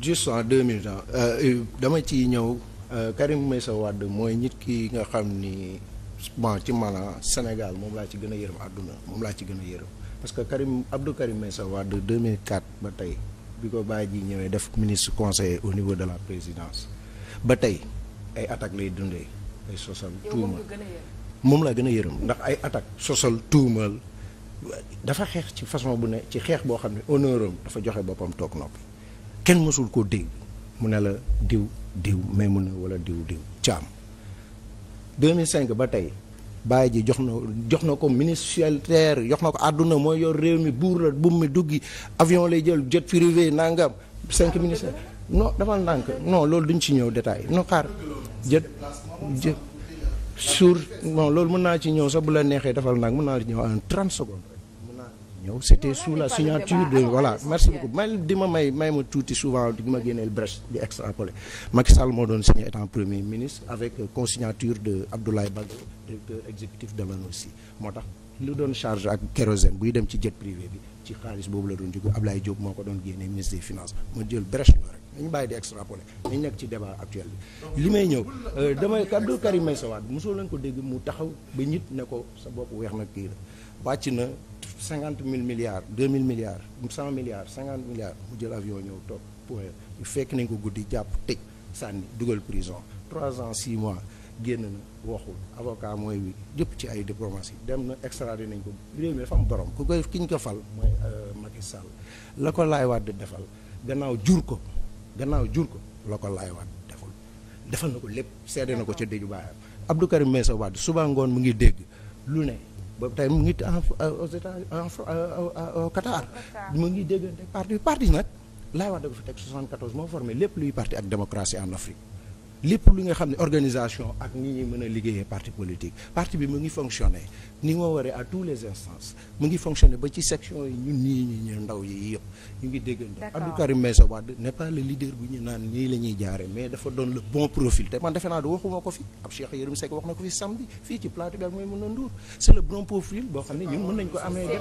juste en deux minutes euh, dama ciy ñëw euh, Karim Meïssa Wade mooy nit ki nga xam ni bon ci maanaam Sénégal moom laa ci gën a yërëm àdduna moom laa ci gën a yërëm parce que Karim Abdou Karim Meïssa Wade 2004 ba tey bi ko bàyyi ji ñëwee def ministre conseiller au niveau de la présidence ba tey ay attaques lay dundee ay sosal tuumal moom laa gën a yërëm ndax ay attaques sosal tuumal dafa xeex ci façon bu ne ci xeex boo xam ne honneur am dafa joxe boppam toog noppi kenn mosul koo dégg mu ne la diw diw mais mun ne wala diw diw caam 2005 ba tey bàyyi ji jox na jox na ko ministère jox na ko àdduna mooy yor réew mi buur la buum mi duggi avion lay jël jet privé nangam cinq ministères non defal ndànk no loolu duñ ci ñëw détail no xaar jët jë sur bon loolu mën naa ci ñëw sax bu la neexee defal ndànk mën naa ci ñëw en 30 secondes ñëw c' était sous la signature de ah, voilà merci beaucoup may di ma may may ma tuuti souvent di ma génneel brèche di extrapoler Macky Sall moo doon signé étant premier ministre avec euh, consignature de Abdoulaye Badji directeur exécutif de l'ANOCI moo tax lu doon charge ak kérosène buy dem ci jet privé bi ci xaalis boobu la doon jóg Ablaye Diop moo ko doon génnee ministre des finances ma jël brèche la rek dañu bàyyi di extrapoler dañu nekk ci débat actuel li may ñëw euh, damay kaddu Karim Meïssa Wade mosoo leen ko dégg mu taxaw ba ñit ne ko sa bopp weex na kii wàcc na cinquante mille milliards deux mille milliards cent milliards cinquante milliards mu jël avion ñëw toog point fekk nañ ko guddi jàpp tëj sànni dugal prison trois ans six mois génn na waxul avocat mooy yëpp ci ay diplomatie dem na extradé nañ ko réew mi dafa am borom ku koy ki ñu ko fal mooy euh, Macky Sall la ko Laay Wàdd defal gannaaw jur ko gannaaw jur ko la ko Laay Wàdd deful defal na ko lépp seede na ko ca déju baayam Abdou Karim Meïssa Wade suba ngoon mu ngi dégg lu ne ba tey mu ngi en euh, aux États euh, euh, au Qatar mu ngi déggante parti parti nag laay wax da ko fi teg 74 moo formé lépp luy parti ak démocratie en Afrique lépp lu nga xam ne organisation ak ni ñuy mën a liggéeyee parti politique parti bi mu ngi fonctionner ni nga waree à tous les instances mu ngi fonctionner ba ci section yi ñun nii ñu ñu ndaw yi yëpp ñu ngi déggandoo. Abdou Karim Meïssa Wade n'est pas le leader bu ñu naan nii la ñuy jaaree mais dafa doon le bon profil te man defe naa du waxuma ko fi ab Cheikh Yérim Seck wax na ko fi samedi fii ci plateau bi ak mooy mën a nduur c'est le bon profil boo xam ne ñun mën ko amee.